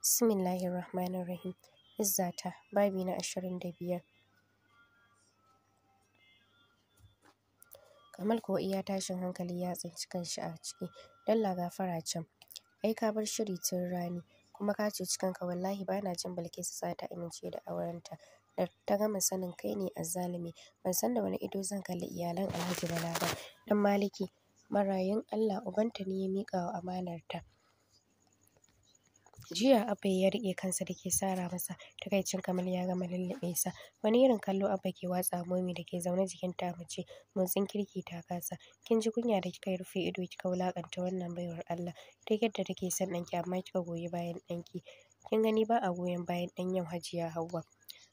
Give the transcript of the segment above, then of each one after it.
Bismillahirrahmanirrahim. Izzata, babi na ashirin da biyar. Kamal ko iya tashin hankali ya tsinci kanshi a ciki. Dalla gafara can. Ai ka bar shiri tun rani, kuma ka cikin ka wallahi bana jin Bilkisu za ta amince da aurenta. Da ta gama sanin kai ne a zalumi. ban san da wani ido zan kalli iyalan Alhaji Bala ba. Dan Maliki, marayun Allah ubanta ne ya miƙa wa amanarta. Jiya Abba ya riƙe kansa da ke sara masa, takaicin kamar ya gama lullube sa. Wani irin kallo Abba ke watsa momi da ke zaune jikin ta mace, motsin kirki ta kasa. Kin ji kunya da kika rufe ido kika wulakanta wannan baiwar Allah, duk yadda take son danki amma kika goyi bayan danki Kin gani ba a goyon bayan ɗan yau Hajiya Hauwa.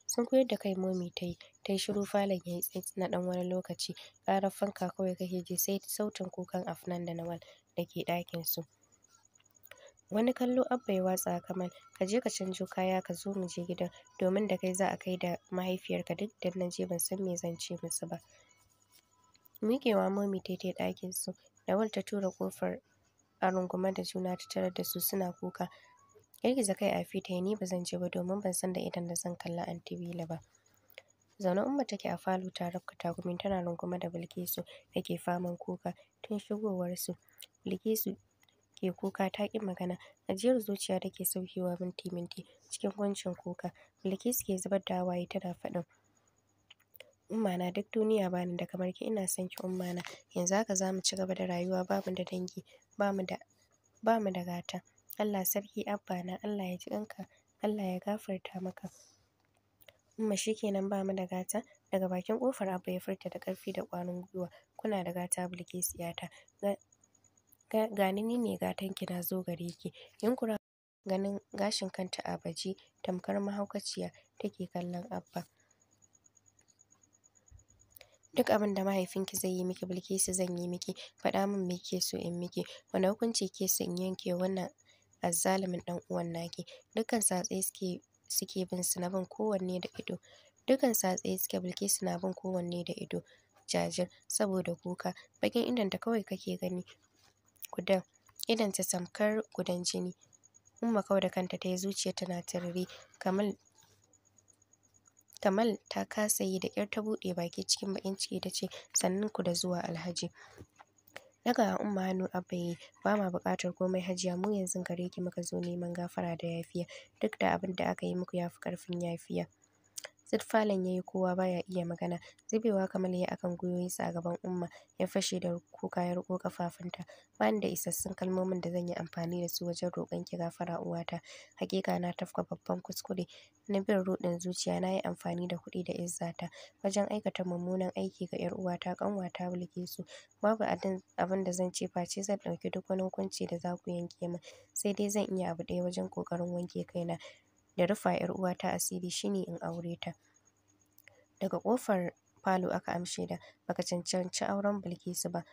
sun koyar da kai momi ta yi ta yi shiru falon ya yi tsit na ɗan wani lokaci ƙarar fanka kawai kake ji sai sautin kukan afnan da nawal da ke dakin su wani kallo abba ya watsa kamar ka je ka canjo kaya ka zo mu je gidan domin da kai za a kai da mahaifiyarka duk da na je ban san me zan ce musu ba miƙewa momi ta yi ɗakin su dawal ta tura kofar a rungume da juna ta tarar da su suna kuka girgiza kai a fita ni ba zan je ba domin ban san da idan da zan kalla antibila ba zaune umma take a falo ta rabka takumin tana rungume da bilkisu da ke faman kuka tun shigowarsu. su bilkisu ke kuka ta ƙi magana ajiyar zuciya da ke saukewa minti minti cikin kwancin kuka bilkisu ke zubar da hawaye tana faɗin umma na duk duniya bani da kamar ki ina son ki umma na yanzu haka za mu ci gaba da rayuwa babu da dangi bamu da da gata Allah sarki abba na Allah ya ji kanka Allah ya gafarta maka umma shikenan bamu da gata daga bakin kofar abba ya furta da karfi da kwarin gwiwa kuna da gata bilkisu yata ga nini ne ki na zo gare ki. Yunkura ganin gashin kanta a baje tamkar mahaukaciya take kallon Abba. Duk abin da mahaifinki zai yi miki Bilkisu zan yi miki, faɗa min me kike so in miki, wani hukunci kike so in yanke wannan azzalumin dan uwan naki. Dukkan satsai suke suke bin su na bin kowanne da ido. Dukkan suke Bilkisu na bin kowanne da ido jajir saboda kuka, bakin da kawai kake gani kudan ta tamkar gudan jini Umma kawai da kanta tayi zuciya, na tiriri Kamal Kamal ta kasa yi da ƙyar ta buɗe baki cikin bakin ciki tace sannan ku da zuwa Alhaji Daga Umma hannu Abba yayi ba ma buƙatar komai Hajiya mu yanzu gare ki muka zo neman gafara da yafiya duk da abin da aka yi muku ya fi ƙarfin yafiya Tsit falon ya yi kowa ba ya iya magana. Zubewa kamar ya yi a kan a gaban Umma, ya fashe da kuka ya riƙo kafafunta. Ba ni da isassun kalmomin da zan yi amfani da su wajen roƙon ki gafara uwata. Hakika na tafka babban kuskure na bin ruɗin zuciya. Na yi amfani da kuɗi da izzata wajen aikata mummunan aiki ga 'yar uwata, ƙanwata su Babu abin da zan ce face zan ɗauki duk wani hukunci da za ku yanke min, sai dai zan iya abu ɗaya wajen ƙoƙarin wanke kaina. da rufa ‘yar uwata asiri shine in aure ta. Daga ƙofar falo aka amshe da baka cancanci auren Bilkisu ba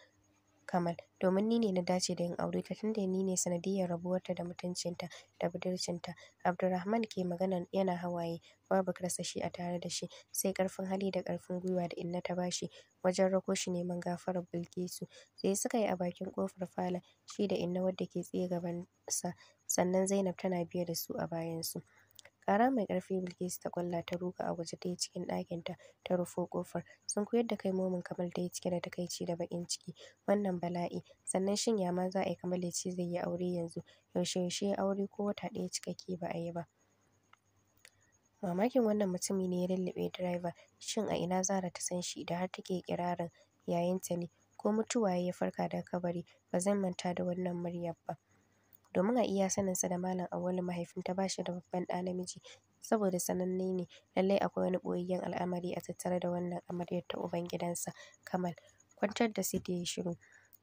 Kamal domin ni ne na dace da in aure ta tunda ni ne sanadiyyar rabuwarta da mutuncinta da budurcinta. Abdulrahman ke magana yana hawaye babu karsashi a tare da shi sai karfin hali da karfin gwiwa da inna ta bashi wajen rako shi neman gafarar Bilkisu. sai suka yi a bakin kofar falon shi da inna wadda ke tsaye gaban sa sannan Zainab tana biye da su a bayansu. kara mai ƙarfi Bilkisu ta kwalla ta ruga a waje ta yi cikin ɗakinta ta rufo ƙofar. koyar da kai momin kamar ta cike da takaici da baƙin ciki. Wannan bala'i! Sannan shin ya ma za a yi kamar ya ce zai yi aure yanzu? Yaushe-yaushe ya aure ko wata ɗaya cikakke ba a yi ba? Mamakin wannan mutumi ne ya lulluɓe direba. Shin a ina Zara ta san shi da har take ƙirarin yayanta ne? Ko mutuwa ya farka da kabari, ba zan manta da wannan muryar ba. domin a iya saninsa da Malam Auwalu mahaifinta ba shi da babban ɗa namiji saboda sananne ne lallai akwai wani ɓoyayyen al'amari a tattare da wannan amaryar ta gidansa Kamal. Kwantar da Sidi ya shiru.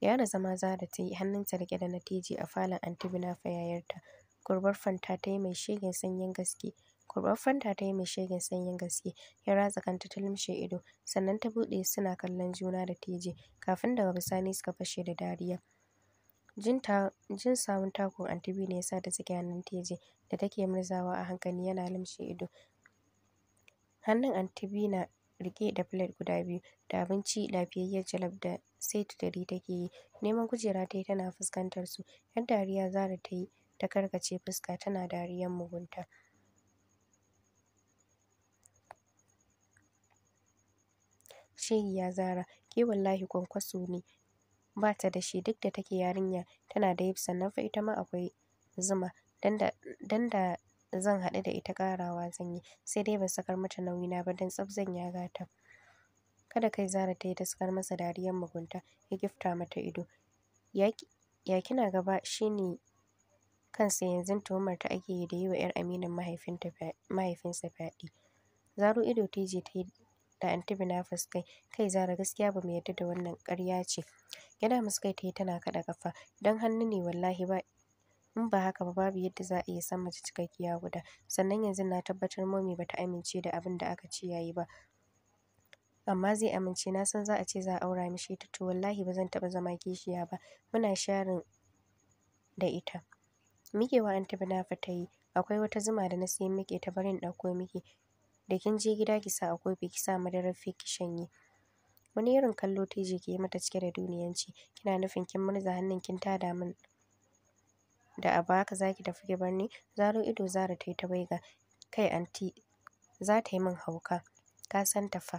Yana zama za da ta yi hannun ta rike da natiji a falon Anti Binafa yayarta. Kurbar Fanta ta yi mai shegen sanyin gaske. Kurbar Fanta ta yi mai shegen sanyin gaske. Ya ratsa kanta ta lumshe ido sannan ta buɗe suna kallon juna da teji kafin daga bisani suka fashe da dariya. Jin sawun takun antibi ne ya sa ta sake hannun TJ da take murzawa a hankali yana lumshe ido. Hannun antibi na riƙe da plate guda biyu da abinci lafiyayyar jalab da saitiri take yi. Neman kujera ta yi tana fuskantar su. ‘Yar dariya Zara ta yi ta karkace fuska tana dariyar mugunta. Shegiya Zara, ke wallahi kwankwaso ne. bata da shi duk da take yarinya tana da hips sannan fa ita ma akwai zuma dan da zan haɗu da ita ƙarawa zan yi sai dai ban sakar mata nauyi na ba dan tsaf zan ya gata kada kai zara ta yi ta masa dariyar mugunta ya gifta mata ido ya kina gaba shine kansa yanzu tuhumar ta ake yi da yi wa 'yar aminin mahaifinsa fyaɗe zaro ido ta je ta yi da anti na kai kai Zara gaskiya ba mu yarda da wannan karya ce yana muskai ta yi tana kaɗa kafa don hannu ne wallahi ba in ba haka ba babu yadda za a iya san mace cikakkiya guda sannan yanzu na tabbatar momi ba ta amince da abin da aka ce yayi ba amma zai amince na san za a ce za a aura mishi ta to wallahi ba zan taɓa zama kishiya ba muna sharin da ita mikewa anti Binafa ta yi akwai wata zuma da na sayi miki ta barin ɗauko miki da kin je gida ki sa akwai kofi kisa sa madarar fi ki shanye wani irin kallo ta je ki yi mata cike da duniyanci kina nufin kin murza hannun kin tada min da abu haka zaki tafi ki bar ni zaro ido zara ta yi ta baiga kai anti za ta yi min hauka ka san ta fa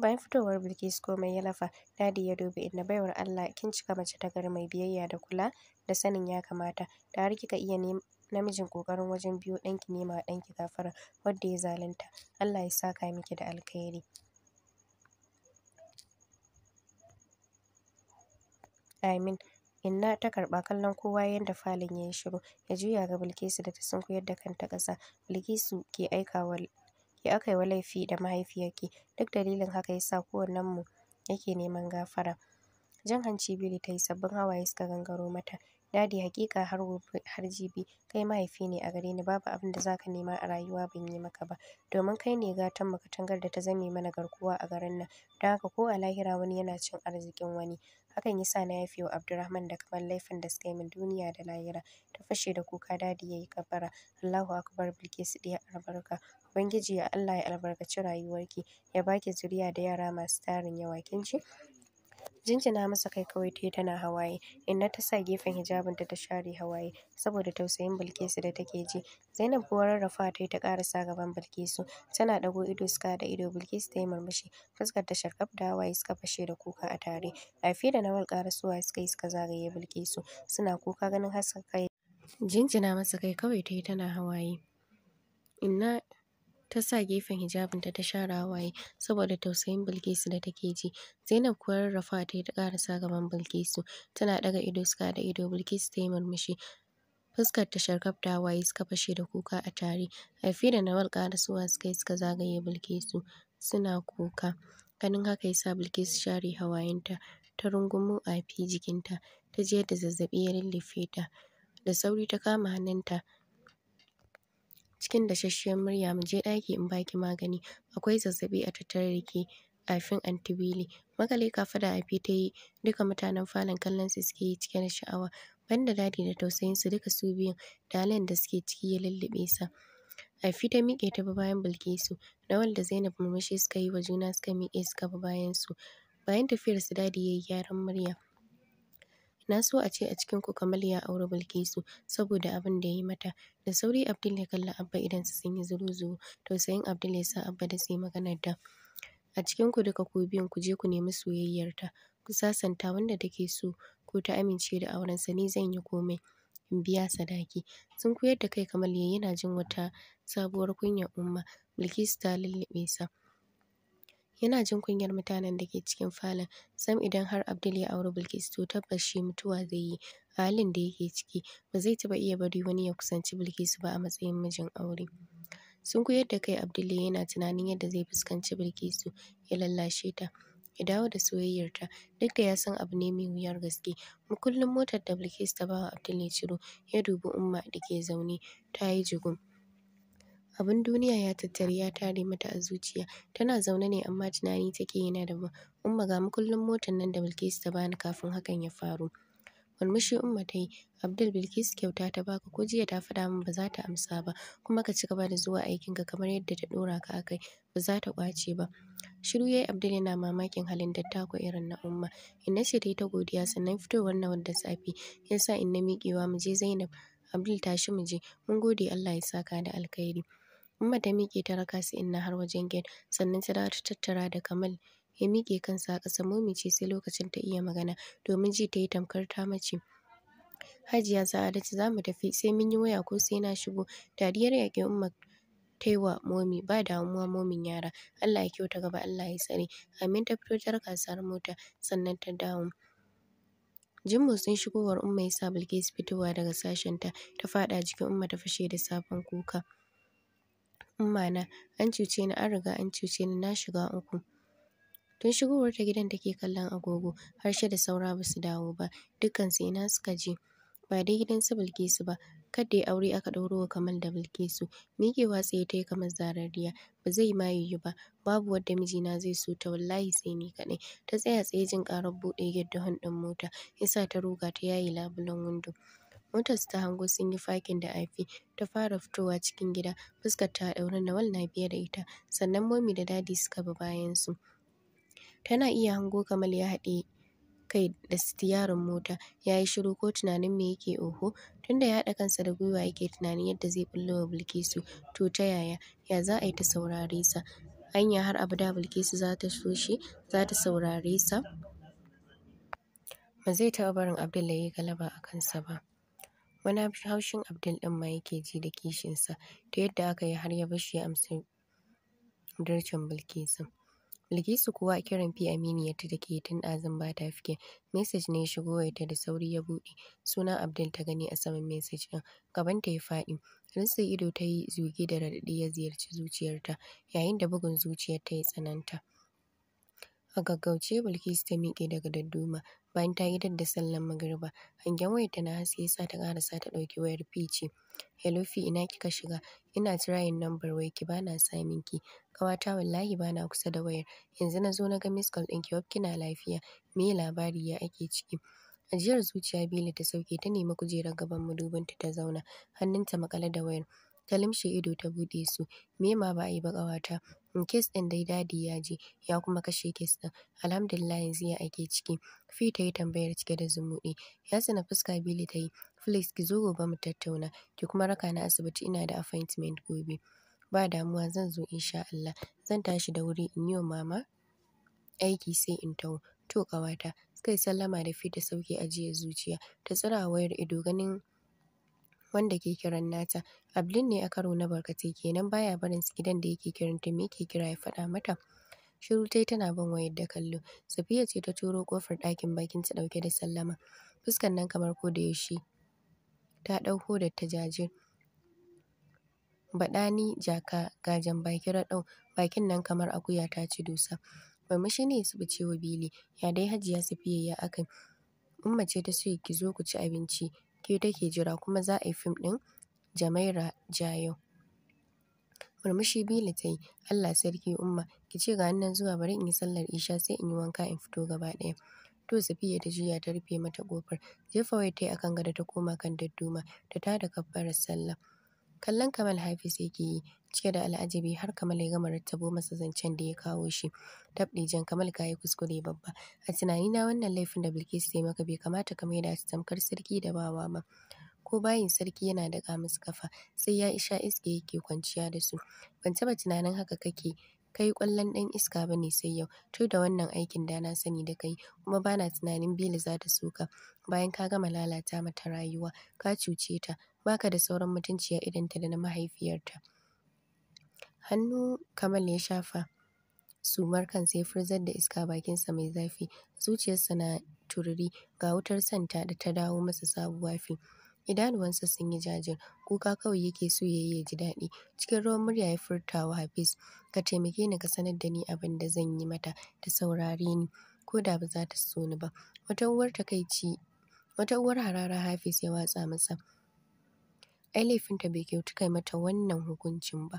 bayan fitowar bilkisu komai ya lafa dadi ya dubi inda baiwar allah kin cika mace ta gari mai biyayya da kula da sanin ya kamata da har kika iya namijin kokarin wajen biyo ɗanki nema wa ɗanki gafara wadda ya zalunta. Allah ya saka miki da alkhairi. Amin. Inna ta karba kallon kowa yanda falon ya yi shiru, ya juya ga Bilkisu da ta sunkuyar da kanta kasa Bilkisu ke aikawa ke aka yi wa laifi da mahaifiyarki, duk dalilin haka ya sa mu yake neman gafara. Jan hanci Billy ta yi sabbin hawaye suka gangaro mata. Dadi haƙiƙa har gobe har jibi kai mahaifi ne a gare ni babu abin da zaka nema a rayuwa ban yi maka ba domin kai ne mu katangar da ta zame mana garkuwa a garin nan don haka ko a lahira wani yana cin arzikin wani. Hakan yasa na yafe wa Abdurrahman da kamar laifin da suka yi min duniya da lahira. Ta fashe da kuka dadi yayi yi kafara Allahu akbar Bilkisu ɗiyar albarka. Ubangiji ya Allah ya albarkaci rayuwarki ya baki zuriya da yara masu tarin yawa kin ji. Jinjina masa kai kawai ta tana hawaye. Inna ta sa gefen hijabinta ta ta share hawaye saboda tausayin Bilkisu da take ji. Zainab kuwa rarrafa ta ta karasa gaban Bilkisu. Tana ɗago ido suka da ido Bilkisu ta yi murmushi. Fuskar ta sharkaf da hawaye suka fashe da kuka a tare. fiye da Nawal karasuwa suka yi suka zagaye Bilkisu. Suna kuka ganin hasken kai. Jinjina masa kai kawai ta tana hawaye. Inna ta sa gefen hijabinta ta share hawaye saboda tausayin Bilkisu da take ji. Zainab kuwa rarrafa ta yi ta sa gaban Bilkisu, tana ɗaga ido suka haɗa ido Bilkisu ta yi murmushi. Fuskar ta sharkaf da hawaye suka fashe da kuka a tare. Haifi da Nawal suwa suka yi suka zagaye Bilkisu suna kuka. Ganin haka yasa sa Bilkisu share hawayenta ta rungumo a fi jikinta ta je yadda zazzaɓi ya lullufe ta. Da sauri ta kama hannunta cikin dashashshiyar murya mu je ɗaki in baki magani akwai zazzabi a tattare da ke kafin anti makale kafa fada a ta yi duka mutanen falon kallon su suke yi cike da sha'awa banda dadi da tausayin su duka su biyun da da suke ciki ya lullube sa Afi ta miƙe ta bayan Bilkisu na da Zainab murmushi suka yi wa juna suka miƙe suka bayan su bayan tafiyar su dadi yayi gyaran murya Na so a ce a cikin ku Kamal ya auri Bilkisu saboda abin da ya yi mata. Da sauri Abdul ya kalla Abba su sun yi zuruzu zuru Tausayin Abdul ya sa Abba da sai maganar da. A cikinku duka ku biyun ku je ku nemi soyayyarta. Ku sasanta wanda take so ko ta amince da aurensa ni zan yi komai. In biya sadaki. Sun koyar da kai Kamal ya yana jin wata sabuwar kunya Umma. Bilkisu ta lulluɓe sa. Yana jin kunyar mutanen da ke cikin falon. Sam idan har Abdul ya auri Bilkisu to tabbas shi mutuwa zai yi. A halin da yake ciki ba zai taba iya bari wani ya kusanci Bilkisu ba a matsayin mijin aure. Sun Sunkuyar da kai Abdul yana tunanin yadda zai fuskanci Bilkisu ya lallashe ta. ya dawo da soyayyarta duk da ya san abu ne mai wuyar gaske mukullin motar da Bilkisu ta bawa wa Abdul ya ciro ya dubi Umma da ke zaune ta yi jigum. Abin duniya ya tattari ya tare mata a zuciya. Tana zaune ne amma tunani take yana daban. Umma ga makullin motar nan da Bilkisu ta bani kafin hakan ya faru. Murmushi Umma ta yi, Abdul Bilkisu kyauta ta baka ko jiya ta faɗa min ba za ta amsa ba kuma ka ci gaba da zuwa aikinka kamar yadda ta ɗora ka akai ba za ta ƙwace ba. Shiru yayi Abdul yana mamakin halin dattako irin na Umma. Inna ce ta yi ta godiya sannan fitowar na da safe ya sa inna miƙewa mu je Zainab. Abdul tashi mu je mun gode Allah ya saka da alkhairi. Umma ta miƙe ta raka su inna har wajen gen sannan ta dawo ta tattara da Kamal ya miƙe kansa a ƙasa momi ce sai lokacin ta iya magana domin ji ta yi tamkar ta mace. Hajiya Sa'adatu za mu tafi sai mun yi waya ko sai na shigo. Dariyar yaƙi Umma ta yi wa momi ba damuwa momin yara. Allah ya kyauta gaba Allah ya tsare. Amin ta fito ta raka su mota sannan ta dawo. Jin motsin shigowar Umma ya sa Bilkisu fitowa daga sashenta ta faɗa jikin Umma ta fashe da sabon kuka. ummana an cuce ni an riga an cuce ni na shiga uku tun shigowar ta gidan take kallon agogo Harshe da saura basu dawo ba dukkansu ina suka je ba dai gidan su Bilkisu ba kada ya aure aka ɗauro wa Kamal da Bilkisu miƙewa tsaye ta yi kamar zarariya ba zai ma yiwu ba babu wadda mijina zai so ta wallahi sai ni kaɗai ta tsaya tsaye jin ƙarar buɗe gidan ɗin mota yasa ta ruga ta yaye labulen windo Motarsu ta hango sun yi fakin da aifi ta fara fitowa cikin gida, fuskarta ta ɗaure Nawal na biya da ita, sannan Momi da Dadi suka bi bayan su Tana iya hango Kamal ya haɗe kai da sitiyarin mota ya yi shiru ko tunanin me yake oho tunda ya haɗa kansa da gwiwa yake tunanin yadda zai bullo wa Bilkisu to ta yaya ya za a yi ta saurare sa hanya har abu abada Bilkisu za ta so shi za ta saurare sa ba zai taɓa barin Abdul galaba a kansa ba. Wani haushin Abdul ɗin ma yake ji da kishinsa ta yadda aka yi har ya bar shi ya amsa darcen Bilkisu. Bilkisu kuwa kiran fi aminiyarta ke tun ɗazun ba ta fike Message ne ya shigo ta da sauri ya buɗe. Sunan Abdul ta gani a saman message ɗin. gaban ta ya faɗi. Rinsa ido ta yi zugi da raɗaɗi ya ziyarci zuciyarta yayin da bugun zuciyar ta ya tsananta. A gaggauce Bilkisu ta miƙe daga dadduma bayan ta yi da sallan magariba. Hangen wayarta na haske ya sa ta karasa ta ɗauki wayar fici Helofi ina kika shiga? Ina tirayin number wai ki, bana samin ki. Ƙawata wallahi bana kusa da wayar. Yanzu na zo na ga miss call ki hope kina lafiya. Me labari ya ake ciki?" Ajiyar zuciya Bila ta sauke ta nemi kujerar gaban madubinta ta zauna, hannunta makale da wayar. Ta limshe ido ta buɗe su. "Me ma ba a yi ba kawata in kes ɗin dai dadi ya je ya kuma kashe kes ɗin alhamdulillah yanzu ya ake ciki fi ta yi tambayar cike da zumuɗi ya sana fuska bili ta yi please ki zo gobe mu tattauna ki kuma raka na asibiti ina da appointment gobe ba damuwa zan zo insha Allah zan tashi da wuri in yi wa mama aiki sai in taho to ƙawata kai sallama da fita sauke ajiye zuciya ta tsara wayar ido ganin wanda ke kiran nata. ablin ne a karo na barkatai kenan baya barin su gidan da yake ta, me yake kira ya faɗa mata. Shiru tai tana bin wayar da kallo. Safiya ce ta turo kofar ɗakin bakin ta ɗauke da sallama. Fuskan nan kamar ko da yaushe ta ɗauko da ta jaje Baɗani jaka gajan baki raɗau bakin nan kamar akuya ta ci dusa. shi ne su bice wa Bili ya dai Hajiya Safiya ya akai. Umma ce ta ce ki zo ku ci abinci ke take jira kuma za a yi fim ɗin Jamaira yau. Murmushi Bila ta yi, Allah sarki Umma, ki ce ga nan zuwa bari in yi sallar isha sai in yi wanka in fito gaba ɗaya. To Safiya ta juya ta rufe mata kofar jefa wai ta yi akan gado ta koma kan dadduma ta tada kabbarar sallah. Kallon Kamal Hafiz yake yi, cike da al'ajabi har kamar ya gama rattabo masa zancen da ya kawo shi. Tabɗi jan Kamal kayi kuskure babba. A tunani na wannan laifin da Bilkisu ta maka bai kamata ka maida da tamkar sarki da bawa ba. ko bayin sarki yana da musu kafa sai ya isha iske yake kwanciya da su ban taba tunanin haka kake kai kwallon dan iska ba ne sai yau to da wannan aikin da na sani da kai kuma bana tunanin Bili za ta soka bayan ka gama lalata mata rayuwa ka cuce ta baka da sauran mutunciya a ta da na mahaifiyarta Hannu Kamal ya shafa sumar kansa ya furzar da iska bakinsa mai zafi. Zuciyarsa na tururi ga wutar santa da ta dawo masa sabuwa fil. Idanuwansa sun yi jajir, kuka kawai yake so ya yi ya ji daɗi. Cikin ruwan murya ya furtawa wa Hafiz, ka taimake ni ka sanar da ni abin da zan yi mata ta saurare ni ko da ba za ta so ni ba. Wata uwar takaici, wata uwar harara Hafiz ya watsa masa. Ai laifinta bai kyautu kai mata wannan hukuncin ba.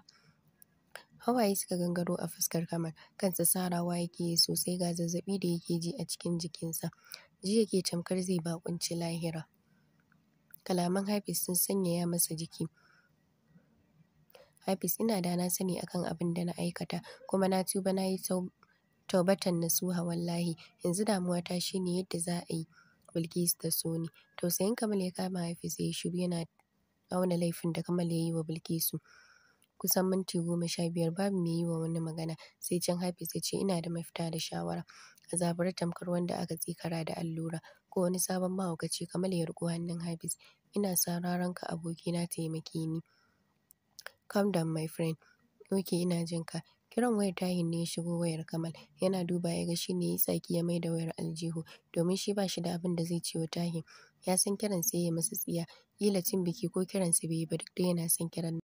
Hawaye suka gangaro a fuskar kamar. kansa sarawa yake sosai ga zazzabi da yake ji a cikin jikinsa. Ji yake tamkar zai bakunci lahira. Kalaman Hafiz sun sanyaya masa jiki. Hafiz ina da na sani akan abin da na aikata kuma na tuba na yi taubatan hawan lahi. yanzu damuwata ne yadda za a yi Bilkisu da Soni. Tausayin Kamal ya kama Hafiz ya shiru yana auna laifin da Kamal ya yi wa Bilkisu. kusan minti goma sha biyar babu mai yi wa wani magana sai can Hafiz ya ce ina da mafita da shawara. A zabure tamkar wanda aka tsikara da allura ko wani sabon mahaukaci Kamal ya riƙo hannun Hafiz. Ina sauraron ka abokina taimake ni. come down my friend. Ok ina jin ka. Kiran wayar tahin ne ya shigo wayar Kamal. Yana duba ya ga shi ne ya tsaki ya maida wayar aljihu domin shi ba shi da abin da zai ce wa tahin Ya san kiran sai ya masa tsiya. Kila cin biki ko kiransa bai yi ba duk da yana son kiran.